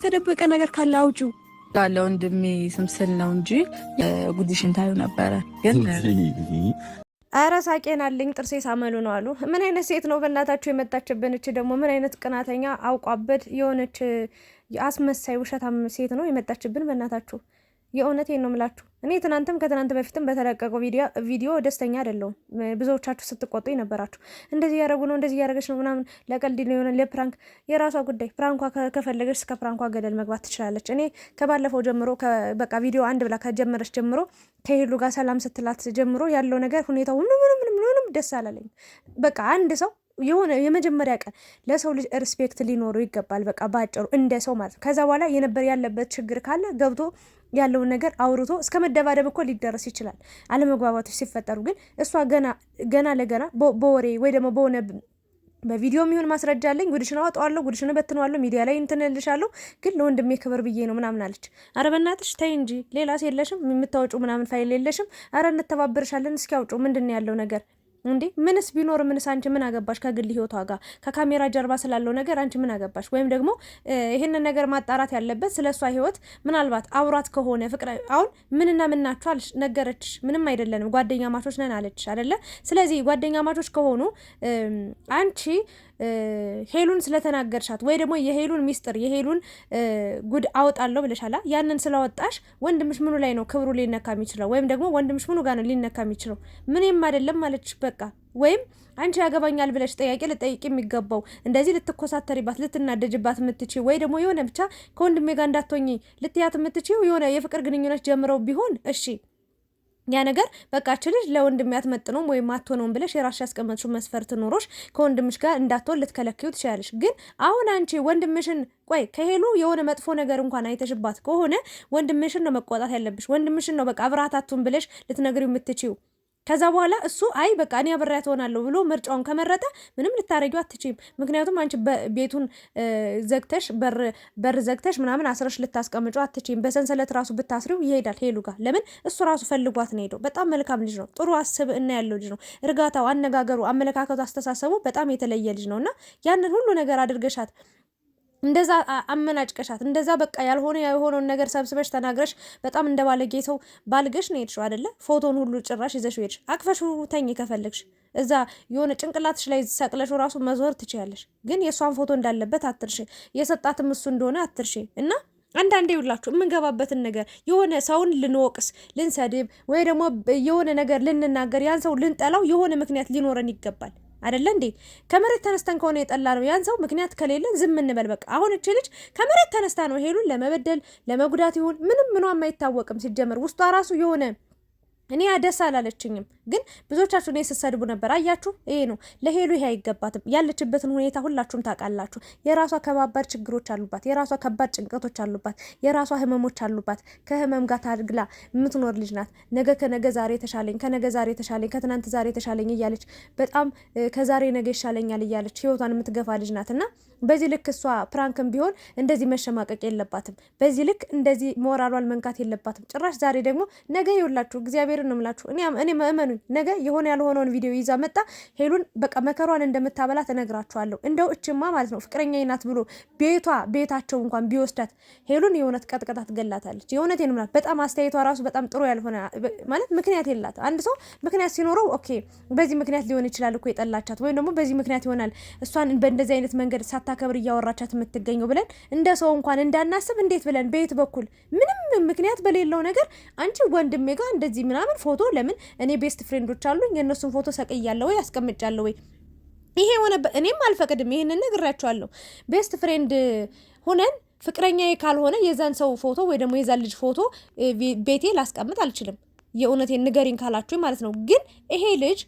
የተደበቀ ነገር ካለ አውጪው ያለ ወንድሜ ስምስል ነው እንጂ ጉዲሽን ታዩ ነበረ ግን አረ ሳቄን አለኝ ጥርሴ ሳመሉ ነው አሉ። ምን አይነት ሴት ነው በእናታችሁ የመጣችብን? እች ደግሞ ምን አይነት ቅናተኛ አውቋበት የሆነች አስመሳይ ውሸታም ሴት ነው የመጣችብን በእናታችሁ። የእውነት ነው ምላችሁ እኔ ትናንትም ከትናንት በፊትም በተለቀቀው ቪዲዮ ደስተኛ አይደለሁም። ብዙዎቻችሁ ስትቆጡ ነበራችሁ። እንደዚህ ያደረጉ ነው እንደዚህ ያደረገች ነው ምናምን፣ ለቀልድ ሊሆነ ለፕራንክ፣ የራሷ ጉዳይ። ፕራንኳ ከፈለገች እስከ ፕራንኳ ገደል መግባት ትችላለች። እኔ ከባለፈው ጀምሮ በቃ ቪዲዮ አንድ ብላ ከጀመረች ጀምሮ ከሄሉ ጋር ሰላም ስትላት ጀምሮ ያለው ነገር ሁኔታው ምንም ምንም ምንም ደስ አላለኝ። በቃ አንድ ሰው የሆነ የመጀመሪያ ቀን ለሰው ልጅ ሪስፔክት ሊኖረው ይገባል። በቃ በአጭሩ እንደ ሰው ማለት ነው። ከዛ በኋላ የነበር ያለበት ችግር ካለ ገብቶ ያለውን ነገር አውርቶ እስከ መደባደብ እኮ ሊደረስ ይችላል። አለመግባባቶች ሲፈጠሩ ግን እሷ ገና ገና ለገና በወሬ ወይ ደግሞ በሆነ በቪዲዮ የሚሆን ማስረጃ አለኝ፣ ጉድሽን አወጣዋለሁ፣ ጉድሽን በትነዋለሁ፣ ሚዲያ ላይ እንትንልሻለሁ፣ ግን ለወንድሜ ክብር ብዬ ነው ምናምን አለች። አረ በናትሽ ተይ እንጂ ሌላስ የለሽም የምታወጩ ምናምን ፋይል የለሽም? አረ እንተባበርሻለን፣ እስኪ አውጩ ምንድን ያለው ነገር እንዴ ምንስ ቢኖር ምንስ አንቺ ምን አገባሽ? ከግል ህይወቷ ጋር ከካሜራ ጀርባ ስላለው ነገር አንቺ ምን አገባሽ? ወይም ደግሞ ይህንን ነገር ማጣራት ያለበት ስለ እሷ ህይወት ምናልባት አውራት ከሆነ ፍቅረ አሁን ምንና ምናችሁ ነገረችሽ? ምንም አይደለንም ጓደኛ ማቾች ነን አለችሽ አይደለ? ስለዚህ ጓደኛ ማቾች ከሆኑ አንቺ ሄሉን ስለተናገርሻት ወይ ደግሞ የሄሉን ሚስጥር የሄሉን ጉድ አወጣለሁ ብለሻላ ያንን ስለወጣሽ ወንድምሽ ምኑ ላይ ነው ክብሩ ሊነካ የሚችለው? ወይም ደግሞ ወንድምሽ ምኑ ጋር ነው ሊነካ የሚችለው? ምንም አይደለም ማለትሽ በቃ ወይም አንቺ ያገባኛል ብለሽ ጥያቄ ልጠይቅ የሚገባው እንደዚህ ልትኮሳተሪባት ልትናደጅባት የምትች ወይ ደግሞ የሆነ ብቻ ከወንድሜ ጋር እንዳትሆኚ ልትያት የምትችው የሆነ የፍቅር ግንኙነት ጀምረው ቢሆን እሺ ያ ነገር በቃ በቃች ልጅ ለወንድሜ አትመጥነውም ወይም አትሆነውም ብለሽ የራስሽ ያስቀመጥሽው መስፈርት ኖሮሽ ከወንድምሽ ጋር እንዳትሆን ልትከለክዩ ትችላለሽ። ግን አሁን አንቺ ወንድምሽን ቆይ ከሄሉ የሆነ መጥፎ ነገር እንኳን አይተሽባት ከሆነ ወንድምሽን ነው መቆጣት ያለብሽ። ወንድምሽን ነው በቃ አብራታቱን ብለሽ ልትነግሪው የምትችይው። ከዛ በኋላ እሱ አይ በቃ እኔ አብሬያት ሆናለሁ ብሎ ምርጫውን ከመረጠ ምንም ልታረጊው አትችም። ምክንያቱም አንቺ ቤቱን ዘግተሽ በር ዘግተሽ ምናምን አስረሽ ልታስቀምጩ አትችም። በሰንሰለት ራሱ ብታስሪው ይሄዳል ሄሉ ጋር። ለምን እሱ ራሱ ፈልጓት ነው ሄደው። በጣም መልካም ልጅ ነው። ጥሩ አስብ እና ያለው ልጅ ነው። እርጋታው፣ አነጋገሩ፣ አመለካከቱ፣ አስተሳሰቡ በጣም የተለየ ልጅ ነው እና ያንን ሁሉ ነገር አድርገሻት እንደዛ አመናጭቀሻት እንደዛ በቃ ያልሆነ የሆነውን ነገር ሰብስበሽ ተናግረሽ በጣም እንደ ባለጌ ሰው ባልገሽ ነው የሄድሽው አይደለ? ፎቶን ሁሉ ጭራሽ ይዘሽው ሄድሽ። አቅፈሽ ተኝ ከፈለግሽ እዛ የሆነ ጭንቅላትሽ ላይ ሰቅለሽ ራሱ መዞር ትችያለሽ። ግን የእሷን ፎቶ እንዳለበት አትርሽ። የሰጣትም እሱ እንደሆነ አትርሽ እና አንዳንዴ ይውላችሁ የምንገባበትን ነገር የሆነ ሰውን ልንወቅስ ልንሰድብ፣ ወይ ደግሞ የሆነ ነገር ልንናገር ያን ሰው ልንጠላው የሆነ ምክንያት ሊኖረን ይገባል። አይደለ እንዴ? ከመሬት ተነስተን ከሆነ የጠላ ነው ያን ሰው ምክንያት ከሌለን ዝም እንበል በቃ። አሁን እቺ ልጅ ከመሬት ተነስታ ነው ሄሉን ለመበደል ለመጉዳት ይሁን ምንም ምኗም አይታወቅም። ሲጀመር ውስጧ ራሱ የሆነ እኔ አደስ አላለችኝም፣ ግን ብዙዎቻችሁ እኔ ስትሰድቡ ነበር። አያችሁ፣ ይሄ ነው ለሄሉ። ይሄ አይገባትም። ያለችበትን ሁኔታ ሁላችሁም ታውቃላችሁ። የራሷ ከባባድ ችግሮች አሉባት። የራሷ ከባድ ጭንቀቶች አሉባት። የራሷ ህመሞች አሉባት። ከህመም ጋር ታግላ የምትኖር ልጅ ናት። ነገ ከነገ ዛሬ ተሻለኝ፣ ከነገ ዛሬ ተሻለኝ፣ ከትናንት ዛሬ ተሻለኝ እያለች በጣም ከዛሬ ነገ ይሻለኛል እያለች ህይወቷን የምትገፋ ልጅ ናት እና በዚህ ልክ እሷ ፕራንክም ቢሆን እንደዚህ መሸማቀቅ የለባትም። በዚህ ልክ እንደዚህ ሞራሏን መንካት የለባትም። ጭራሽ ዛሬ ደግሞ ነገ ይውላችሁ፣ እግዚአብሔር ነው የምላችሁ። እኔ መእመኑኝ ነገ የሆነ ያልሆነውን ቪዲዮ ይዛ መጣ ሄሉን በቃ መከሯን እንደምታበላ ተነግራችኋለሁ። እንደው እችማ ማለት ነው ፍቅረኛ ናት ብሎ ቤቷ ቤታቸው እንኳን ቢወስዳት ሄሉን የእውነት ቀጥቀጣ ትገላታለች። የእውነቴን እምላት በጣም አስተያየቷ ራሱ በጣም ጥሩ ያልሆነ ማለት ምክንያት የላት። አንድ ሰው ምክንያት ሲኖረው ኦኬ፣ በዚህ ምክንያት ሊሆን ይችላል እኮ የጠላቻት ወይም ደግሞ በዚህ ምክንያት ይሆናል እሷን በእንደዚህ አይነት መንገድ ሳታ ሳታከብር እያወራቻት የምትገኘው ብለን እንደ ሰው እንኳን እንዳናስብ እንዴት ብለን በየት በኩል ምንም ምክንያት በሌለው ነገር አንቺ ወንድሜ ጋር እንደዚህ ምናምን ፎቶ ለምን እኔ ቤስት ፍሬንዶች አሉኝ የእነሱን ፎቶ ሰቅያለሁ ወይ አስቀምጫለሁ ወይ ይሄ የሆነበት እኔም አልፈቅድም። ይህንን ነግራችኋለሁ። ቤስት ፍሬንድ ሆነን ፍቅረኛ ካልሆነ የዛን ሰው ፎቶ ወይ ደግሞ የዛን ልጅ ፎቶ ቤቴ ላስቀምጥ አልችልም። የእውነቴን ንገሪን ካላችሁ ማለት ነው። ግን ይሄ ልጅ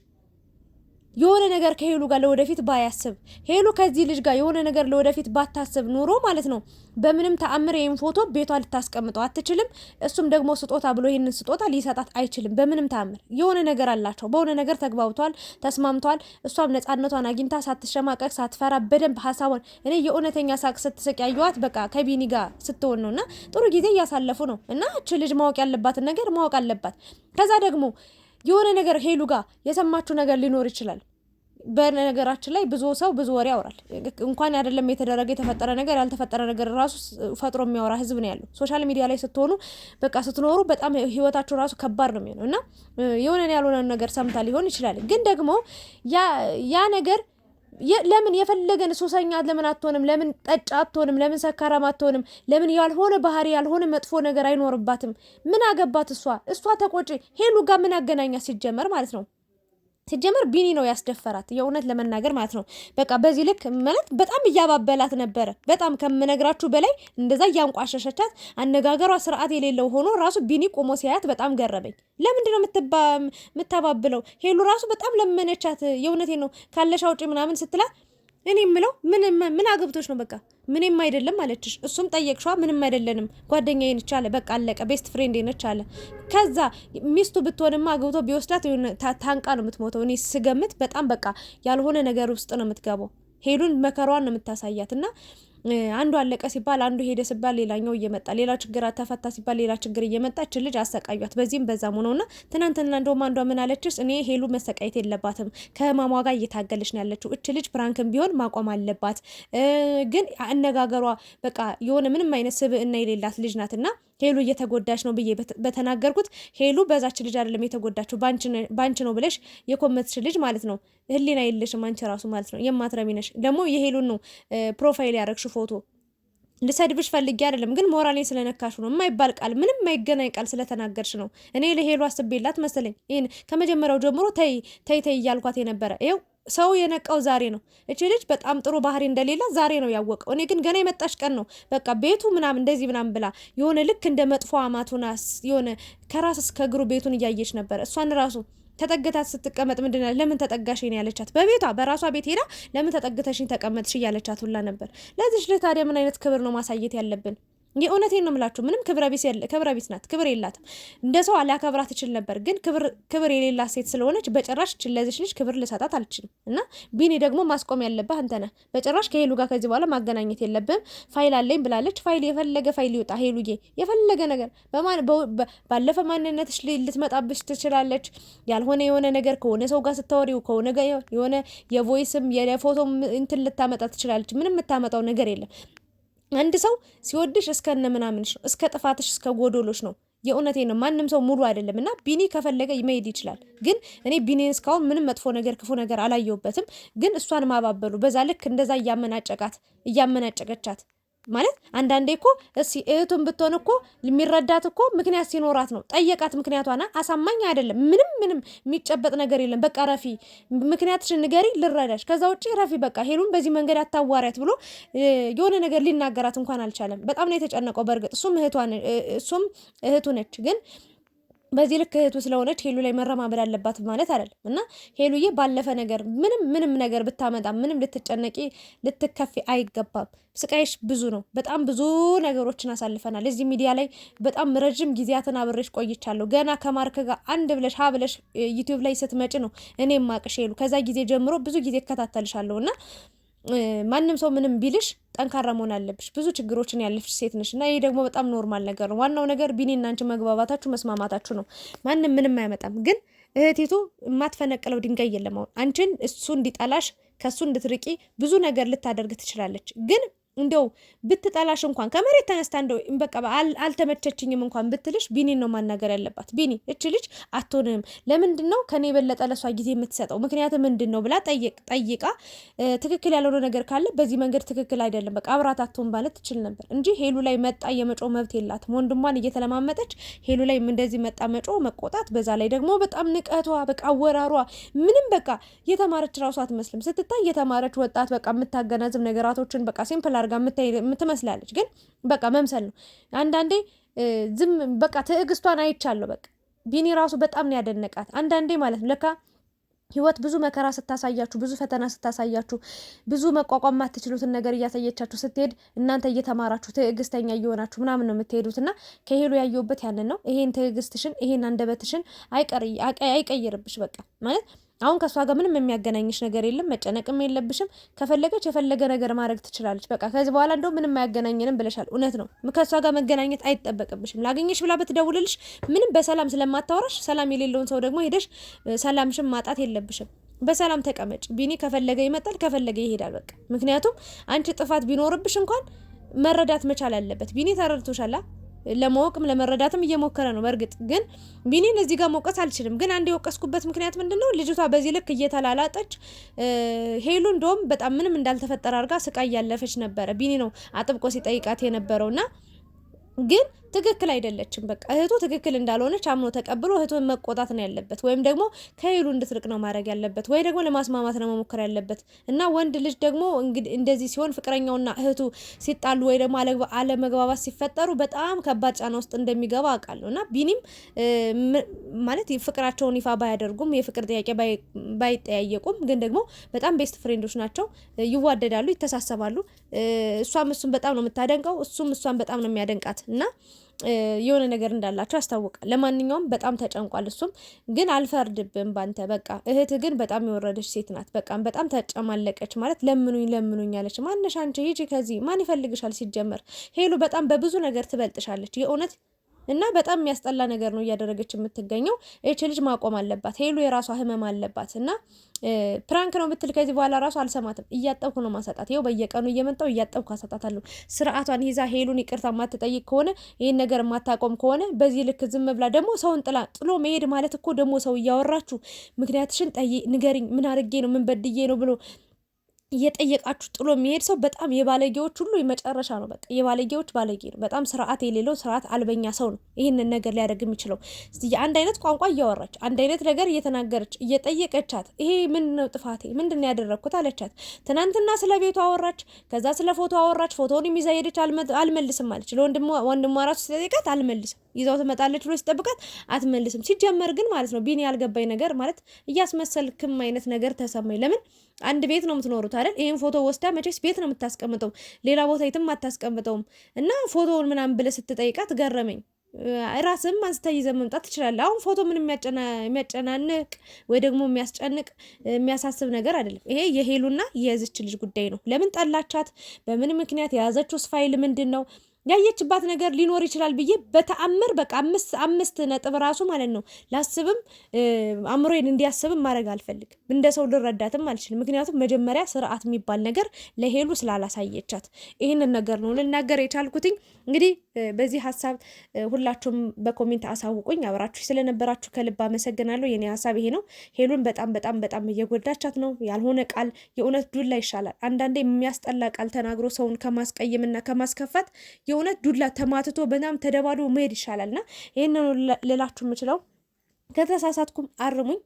የሆነ ነገር ከሄሉ ጋር ለወደፊት ባያስብ ሄሉ ከዚህ ልጅ ጋር የሆነ ነገር ለወደፊት ባታስብ ኑሮ ማለት ነው በምንም ተአምር ይህን ፎቶ ቤቷ ልታስቀምጠው አትችልም። እሱም ደግሞ ስጦታ ብሎ ይህንን ስጦታ ሊሰጣት አይችልም። በምንም ተአምር የሆነ ነገር አላቸው። በሆነ ነገር ተግባብቷል ተስማምቷል እሷም ነፃነቷን አግኝታ ሳትሸማቀቅ፣ ሳትፈራ በደንብ ሀሳቧን እኔ የእውነተኛ ሳቅ ስትስቅ ያየዋት በቃ ከቢኒ ጋር ስትሆን ነው እና ጥሩ ጊዜ እያሳለፉ ነው እና እች ልጅ ማወቅ ያለባትን ነገር ማወቅ አለባት። ከዛ ደግሞ የሆነ ነገር ሄሉ ጋር የሰማችሁ ነገር ሊኖር ይችላል። በነገራችን ላይ ብዙ ሰው ብዙ ወሬ ያወራል። እንኳን አይደለም የተደረገ የተፈጠረ ነገር ያልተፈጠረ ነገር ራሱ ፈጥሮ የሚያወራ ህዝብ ነው ያለው። ሶሻል ሚዲያ ላይ ስትሆኑ በቃ ስትኖሩ በጣም ህይወታችሁ ራሱ ከባድ ነው የሚሆነው እና የሆነን ያልሆነ ነገር ሰምታ ሊሆን ይችላል። ግን ደግሞ ያ ነገር ለምን የፈለገን ሱሰኛ ለምን አትሆንም? ለምን ጠጭ አትሆንም? ለምን ሰካራም አትሆንም? ለምን ያልሆነ ባህሪ ያልሆነ መጥፎ ነገር አይኖርባትም? ምን አገባት እሷ እሷ ተቆጪ ሄሉ ጋር ምን አገናኛ ሲጀመር ማለት ነው። ሲጀመር ቢኒ ነው ያስደፈራት፣ የእውነት ለመናገር ማለት ነው። በቃ በዚህ ልክ ማለት በጣም እያባበላት ነበረ። በጣም ከምነግራችሁ በላይ እንደዛ እያንቋሸሸቻት፣ አነጋገሯ ስርዓት የሌለው ሆኖ ራሱ ቢኒ ቆሞ ሲያያት በጣም ገረመኝ። ለምንድን ነው የምታባብለው? ሄሉ ራሱ በጣም ለመነቻት። የእውነቴ ነው ካለሻ ምናምን ስትላት እኔ የምለው ምን አገብቶች ነው? በቃ ምንም አይደለም አለችሽ። እሱም ጠየቅሽዋ፣ ምንም አይደለንም ጓደኛ ነች አለ። በቃ አለቀ። ቤስት ፍሬንድ ነች አለ። ከዛ ሚስቱ ብትሆንማ አግብቶ ቢወስዳት ታንቃ ነው የምትሞተው። እኔ ስገምት በጣም በቃ ያልሆነ ነገር ውስጥ ነው የምትገባው። ሄሉን መከሯን ነው የምታሳያት እና አንዱ አለቀ ሲባል አንዱ ሄደ ሲባል ሌላኛው እየመጣ ሌላ ችግር አተፈታ ሲባል ሌላ ችግር እየመጣ ች ልጅ አሰቃዩት። በዚህም በዛም ሆነውና ትናንትና እንደውም አንዷ ምን አለችስ? እኔ ሄሉ መሰቃየት የለባትም ከህማሟ ጋር እየታገለች ነው ያለችው። እች ልጅ ፕራንክም ቢሆን ማቆም አለባት። ግን አነጋገሯ በቃ የሆነ ምንም አይነት ስብዕና የሌላት ልጅ ናትና ሄሉ እየተጎዳች ነው ብዬ በተናገርኩት ሄሉ በዛች ልጅ አይደለም የተጎዳችው ባንች ነው ብለሽ የኮመትሽ ልጅ ማለት ነው። ህሊና የለሽም አንቺ ራሱ ማለት ነው። የማትረሚ ነሽ ደግሞ የሄሉን ነው ፕሮፋይል ያደረግሽው ፎቶ ልሰድብሽ ፈልጌ አይደለም፣ ግን ሞራሌን ስለነካሽ ነው። የማይባል ቃል ምንም የማይገናኝ ቃል ስለተናገርሽ ነው። እኔ ለሄሉ አስቤላት መሰለኝ። ይህን ከመጀመሪያው ጀምሮ ተይ ተይ ተይ እያልኳት የነበረ ይው ሰው የነቃው ዛሬ ነው። እቺ ልጅ በጣም ጥሩ ባህሪ እንደሌላ ዛሬ ነው ያወቀው። እኔ ግን ገና የመጣሽ ቀን ነው በቃ ቤቱ ምናምን እንደዚህ ምናምን ብላ የሆነ ልክ እንደ መጥፎ አማቱና የሆነ ከራስ እስከ እግሩ ቤቱን እያየች ነበረ እሷን ራሱ ተጠግታት ስትቀመጥ ምንድን ለምን ተጠጋሽ ነው ያለቻት። በቤቷ በራሷ ቤት ሄዳ ለምን ተጠግተሽኝ ተቀመጥሽ እያለቻት ሁላ ነበር። ለዚች ልጅ ታዲያ ምን አይነት ክብር ነው ማሳየት ያለብን? የእውነቴን ነው የምላችሁ። ምንም ክብረ ቢስ ናት፣ ክብር የላትም። እንደ ሰው ላከብራት ትችል ነበር፣ ግን ክብር የሌላ ሴት ስለሆነች በጭራሽ ችለዚች ልጅ ክብር ልሰጣት አልችልም። እና ቢኒ ደግሞ ማስቆም ያለብህ አንተ ነህ። በጭራሽ ከሄሉ ጋር ከዚህ በኋላ ማገናኘት የለብህም። ፋይል አለኝ ብላለች። ፋይል የፈለገ ፋይል ይውጣ፣ ሄሉዬ የፈለገ ነገር ባለፈ ማንነትሽ ልትመጣብሽ ትችላለች። ያልሆነ የሆነ ነገር ከሆነ ሰው ጋር ስታወሪው ከሆነ የሆነ የቮይስም የፎቶም እንትን ልታመጣ ትችላለች። ምንም የምታመጣው ነገር የለም። አንድ ሰው ሲወድሽ እስከነ ምናምንሽ ነው፣ እስከ ጥፋትሽ፣ እስከ ጎዶሎች ነው። የእውነቴ ነው። ማንም ሰው ሙሉ አይደለም እና ቢኒ ከፈለገ መሄድ ይችላል። ግን እኔ ቢኒን እስካሁን ምንም መጥፎ ነገር ክፉ ነገር አላየውበትም። ግን እሷን ማባበሉ በዛ ልክ እንደዛ እያመናጨቃት እያመናጨቀቻት ማለት አንዳንዴ እኮ እስኪ እህቱን ብትሆን እኮ የሚረዳት እኮ ምክንያት ሲኖራት ነው። ጠየቃት፣ ምክንያቷና አሳማኝ አይደለም። ምንም ምንም የሚጨበጥ ነገር የለም። በቃ ረፊ ምክንያትሽን ንገሪ፣ ልረዳሽ። ከዛ ውጭ ረፊ በቃ ሄሉን በዚህ መንገድ አታዋሪያት ብሎ የሆነ ነገር ሊናገራት እንኳን አልቻለም። በጣም ነው የተጨነቀው። በእርግጥ እሱም እህቷ እሱም እህቱ ነች ግን በዚህ ልክ እህቱ ስለሆነች ሄሉ ላይ መረማመድ አለባት ማለት አይደለም። እና ሄሉዬ ባለፈ ነገር ምንም ምንም ነገር ብታመጣ ምንም ልትጨነቂ ልትከፊ አይገባም። ስቃይሽ ብዙ ነው። በጣም ብዙ ነገሮችን አሳልፈናል። እዚህ ሚዲያ ላይ በጣም ረዥም ጊዜያትን አብሬሽ ቆይቻለሁ። ገና ከማርክ ጋር አንድ ብለሽ ሀ ብለሽ ዩቲዩብ ላይ ስትመጪ ነው እኔ ማቅሽ ሄሉ። ከዛ ጊዜ ጀምሮ ብዙ ጊዜ እከታተልሻለሁ እና ማንም ሰው ምንም ቢልሽ ጠንካራ መሆን አለብሽ። ብዙ ችግሮችን ያለፍሽ ሴት ነሽ እና ይህ ደግሞ በጣም ኖርማል ነገር ነው። ዋናው ነገር ቢኒና እናንቺ መግባባታችሁ፣ መስማማታችሁ ነው። ማንም ምንም አያመጣም። ግን እህቴቱ የማትፈነቅለው ድንጋይ የለም። አሁን አንቺን እሱ እንዲጠላሽ ከእሱ እንድትርቂ ብዙ ነገር ልታደርግ ትችላለች ግን እንደው ብትጠላሽ እንኳን ከመሬት ተነስታ እንደው በቃ አልተመቸችኝም እንኳን ብትልሽ ቢኒን ነው ማናገር ያለባት። ቢኒ እች ልጅ አትሆንም፣ ለምንድን ነው ከኔ የበለጠ ለሷ ጊዜ የምትሰጠው? ምክንያት ምንድን ነው ብላ ጠይቃ፣ ትክክል ያልሆነ ነገር ካለ በዚህ መንገድ ትክክል አይደለም፣ በቃ አብራት አትሆን ማለት ትችል ነበር እንጂ ሄሉ ላይ መጣ የመጮ መብት የላትም። ወንድሟን እየተለማመጠች ሄሉ ላይ እንደዚህ መጣ መጮ መቆጣት፣ በዛ ላይ ደግሞ በጣም ንቀቷ፣ በቃ አወራሯ፣ ምንም በቃ የተማረች ራሷ አትመስልም። ስትታይ የተማረች ወጣት በቃ የምታገናዝብ ነገራቶችን በቃ ሲምፕል አድርጋ የምትመስላለች፣ ግን በቃ መምሰል ነው። አንዳንዴ ዝም በቃ ትዕግስቷን አይቻለሁ። በቃ ቢኒ ራሱ በጣም ነው ያደነቃት። አንዳንዴ ማለት ነው ለካ ህይወት ብዙ መከራ ስታሳያችሁ ብዙ ፈተና ስታሳያችሁ ብዙ መቋቋም ማትችሉትን ነገር እያሳየቻችሁ ስትሄድ እናንተ እየተማራችሁ ትዕግስተኛ እየሆናችሁ ምናምን ነው የምትሄዱት። እና ከሄሉ ያየሁበት ያንን ነው። ይሄን ትዕግስትሽን ይሄን አንደበትሽን አይቀይርብሽ በቃ ማለት አሁን ከእሷ ጋር ምንም የሚያገናኝሽ ነገር የለም፣ መጨነቅም የለብሽም። ከፈለገች የፈለገ ነገር ማድረግ ትችላለች። በቃ ከዚህ በኋላ እንደው ምንም አያገናኘንም ብለሻል። እውነት ነው፣ ከእሷ ጋር መገናኘት አይጠበቅብሽም። ላገኘሽ ብላ ብትደውልልሽ ምንም በሰላም ስለማታወራሽ፣ ሰላም የሌለውን ሰው ደግሞ ሄደሽ ሰላምሽም ማጣት የለብሽም። በሰላም ተቀመጭ። ቢኒ ከፈለገ ይመጣል፣ ከፈለገ ይሄዳል። በቃ ምክንያቱም አንቺ ጥፋት ቢኖርብሽ እንኳን መረዳት መቻል አለበት። ቢኒ ተረድቶሻላ ለማወቅም ለመረዳትም እየሞከረ ነው። በእርግጥ ግን ቢኒን እዚህ ጋር መውቀስ አልችልም። ግን አንድ የወቀስኩበት ምክንያት ምንድን ነው? ልጅቷ በዚህ ልክ እየተላላጠች ሄሉ እንደውም በጣም ምንም እንዳልተፈጠረ አድርጋ ስቃይ እያለፈች ነበረ። ቢኒ ነው አጥብቆ ሲጠይቃት የነበረውና ግን ትክክል አይደለችም። በቃ እህቱ ትክክል እንዳልሆነች አምኖ ተቀብሎ እህቱን መቆጣት ነው ያለበት፣ ወይም ደግሞ ከሄሉ እንድትርቅ ነው ማድረግ ያለበት፣ ወይ ደግሞ ለማስማማት ነው መሞከር ያለበት እና ወንድ ልጅ ደግሞ እንደዚህ ሲሆን ፍቅረኛውና እህቱ ሲጣሉ ወይ ደግሞ አለመግባባት ሲፈጠሩ በጣም ከባድ ጫና ውስጥ እንደሚገባ አውቃለሁ እና ቢኒም ማለት ፍቅራቸውን ይፋ ባያደርጉም የፍቅር ጥያቄ ባይጠያየቁም ግን ደግሞ በጣም ቤስት ፍሬንዶች ናቸው። ይዋደዳሉ፣ ይተሳሰባሉ። እሷም እሱን በጣም ነው የምታደንቀው፣ እሱም እሷን በጣም ነው የሚያደንቃት እና የሆነ ነገር እንዳላቸው ያስታውቃል። ለማንኛውም በጣም ተጨንቋል። እሱም ግን አልፈርድብም ባንተ በቃ እህት ግን በጣም የወረደች ሴት ናት። በቃ በጣም ተጨማለቀች ማለት ለምኑኝ ለምኑኝ አለች። ማነሽ አንቺ ሂጂ ከዚህ ማን ይፈልግሻል? ሲጀመር ሄሉ በጣም በብዙ ነገር ትበልጥሻለች የእውነት እና በጣም የሚያስጠላ ነገር ነው እያደረገች የምትገኘው። ይች ልጅ ማቆም አለባት። ሄሉ የራሷ ህመም አለባት እና ፕራንክ ነው ምትል ከዚህ በኋላ ራሱ አልሰማትም። እያጠብኩ ነው ማሰጣት። ይኸው በየቀኑ እየመጣው እያጠብኩ አሰጣታለሁ። ስርዓቷን ይዛ ሄሉን ይቅርታ ማትጠይቅ ከሆነ ይህን ነገር ማታቆም ከሆነ በዚህ ልክ ዝም ብላ ደግሞ ሰውን ጥላ ጥሎ መሄድ ማለት እኮ ደግሞ ሰው እያወራችሁ ምክንያትሽን ጠይ ንገሪኝ፣ ምን አርጌ ነው ምን በድዬ ነው ብሎ እየጠየቃችሁ ጥሎ የሚሄድ ሰው በጣም የባለጌዎች ሁሉ የመጨረሻ ነው። በቃ የባለጌዎች ባለጌ ነው። በጣም ስርዓት የሌለው ስርዓት አልበኛ ሰው ነው ይህንን ነገር ሊያደርግ የሚችለው። አንድ አይነት ቋንቋ እያወራች አንድ አይነት ነገር እየተናገረች እየጠየቀቻት፣ ይሄ ምንድን ነው ጥፋቴ? ምንድን ነው ያደረግኩት አለቻት። ትናንትና ስለ ቤቱ አወራች፣ ከዛ ስለ ፎቶ አወራች። ፎቶውን የሚዛ ሄደች። አልመልስም አለች። ለወንድሟ ራሱ አልመልስም ይዛው ትመጣለች ብሎ ሲጠብቃት አትመልስም። ሲጀመር ግን ማለት ነው ቢኒ ያልገባኝ ነገር ማለት እያስመሰልክም አይነት ነገር ተሰማኝ ለምን አንድ ቤት ነው የምትኖሩት አይደል? ይህን ፎቶ ወስዳ መቼስ ቤት ነው የምታስቀምጠው፣ ሌላ ቦታ የትም አታስቀምጠውም። እና ፎቶውን ምናምን ብለህ ስትጠይቃት ገረመኝ። ራስም አንስተህ ይዘህ መምጣት ትችላለህ። አሁን ፎቶ ምን የሚያጨናንቅ ወይ ደግሞ የሚያስጨንቅ የሚያሳስብ ነገር አይደለም። ይሄ የሄሉና የዝች ልጅ ጉዳይ ነው። ለምን ጠላቻት? በምን ምክንያት? የያዘችው ስፋይል ምንድን ነው? ያየችባት ነገር ሊኖር ይችላል ብዬ በተአምር በቃ አምስት አምስት ነጥብ ራሱ ማለት ነው ላስብም አእምሮዬን እንዲያስብም ማድረግ አልፈልግም። እንደ ሰው ልረዳትም አልችልም። ምክንያቱም መጀመሪያ ስርዓት የሚባል ነገር ለሄሉ ስላላሳየቻት ይህንን ነገር ነው ልናገር የቻልኩትኝ። እንግዲህ በዚህ ሀሳብ ሁላችሁም በኮሜንት አሳውቁኝ። አብራችሁ ስለነበራችሁ ከልብ አመሰግናለሁ። የኔ ሀሳብ ይሄ ነው። ሄሉን በጣም በጣም በጣም እየጎዳቻት ነው። ያልሆነ ቃል የእውነት ዱላ ይሻላል። አንዳንዴ የሚያስጠላ ቃል ተናግሮ ሰውን ከማስቀየምና ከማስከፋት የእውነት ዱላ ተማትቶ በጣም ተደባዶ መሄድ ይሻላል እና ይህንን ልላችሁ የምችለው ከተሳሳትኩም አርሙኝ።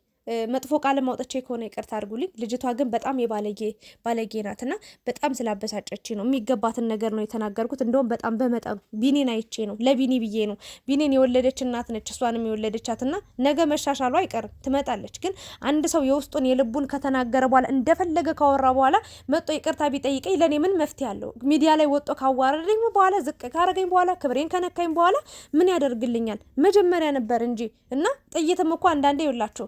መጥፎ ቃል ማውጥቼ ከሆነ ይቅርታ አድርጉልኝ። ልጅቷ ግን በጣም የባለጌ ባለጌ ናት እና በጣም ስላበሳጨች ነው የሚገባትን ነገር ነው የተናገርኩት። እንደውም በጣም በመጠኑ ቢኔን አይቼ ነው ለቢኒ ብዬ ነው። ቢኔን የወለደች እናት ነች፣ እሷንም የወለደቻት እና ነገ መሻሻሉ አይቀርም ትመጣለች። ግን አንድ ሰው የውስጡን የልቡን ከተናገረ በኋላ እንደፈለገ ካወራ በኋላ መጦ ይቅርታ ቢጠይቀኝ ለእኔ ምን መፍትሄ አለው? ሚዲያ ላይ ወጦ ካዋረደኝ በኋላ ዝቅ ካረገኝ በኋላ ክብሬን ከነካኝ በኋላ ምን ያደርግልኛል? መጀመሪያ ነበር እንጂ እና ጥይትም እኮ አንዳንዴ ይውላቸው።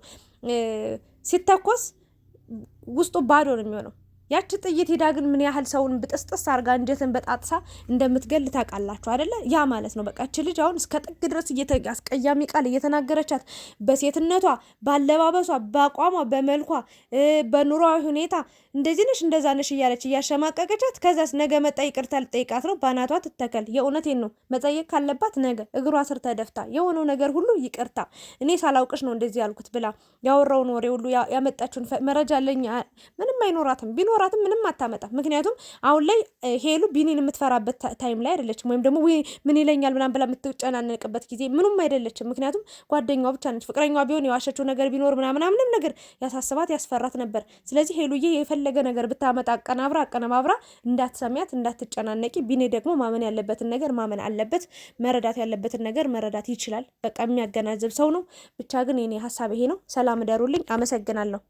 ሲተኮስ ውስጡ ባዶ ነው የሚሆነው። ያቺ ጥይት ሄዳ ግን ምን ያህል ሰውን ብጥስጥስ አርጋ እንጀትን በጣጥሳ እንደምትገል ታውቃላችሁ አይደለ? ያ ማለት ነው። በቃ እቺ ልጅ አሁን እስከ ጥግ ድረስ አስቀያሚ ቃል እየተናገረቻት በሴትነቷ፣ ባለባበሷ፣ በአቋሟ፣ በመልኳ፣ በኑሯ ሁኔታ እንደዚህ ነሽ እንደዛ ነሽ እያለች እያሸማቀቀቻት፣ ከዛስ ነገ መጣ ይቅርታ ልጠይቃት ነው በአናቷ ትተከል። የእውነቴን ነው። መጠየቅ ካለባት ነገ እግሯ ስር ተደፍታ የሆነው ነገር ሁሉ ይቅርታ እኔ ሳላውቅሽ ነው እንደዚህ ያልኩት ብላ ያወራውን ወሬ ሁሉ ያመጣችውን መረጃ ለኛ ምንም አይኖራትም ቢኖ ብታወራትም ምንም አታመጣም። ምክንያቱም አሁን ላይ ሄሉ ቢኒን የምትፈራበት ታይም ላይ አይደለችም። ወይም ደግሞ ምን ይለኛል ምናምን ብላ የምትጨናነቅበት ጊዜ ምኑም አይደለችም። ምክንያቱም ጓደኛዋ ብቻ ነች። ፍቅረኛዋ ቢሆን የዋሸችው ነገር ቢኖር ምናምናምንም ነገር ያሳስባት ያስፈራት ነበር። ስለዚህ ሄሉዬ የፈለገ ነገር ብታመጣ አቀናብራ አቀነባብራ እንዳትሰሚያት እንዳትጨናነቂ። ቢኒ ደግሞ ማመን ያለበትን ነገር ማመን አለበት፣ መረዳት ያለበትን ነገር መረዳት ይችላል። በቃ የሚያገናዝብ ሰው ነው። ብቻ ግን የኔ ሀሳብ ይሄ ነው። ሰላም እደሩልኝ። አመሰግናለሁ።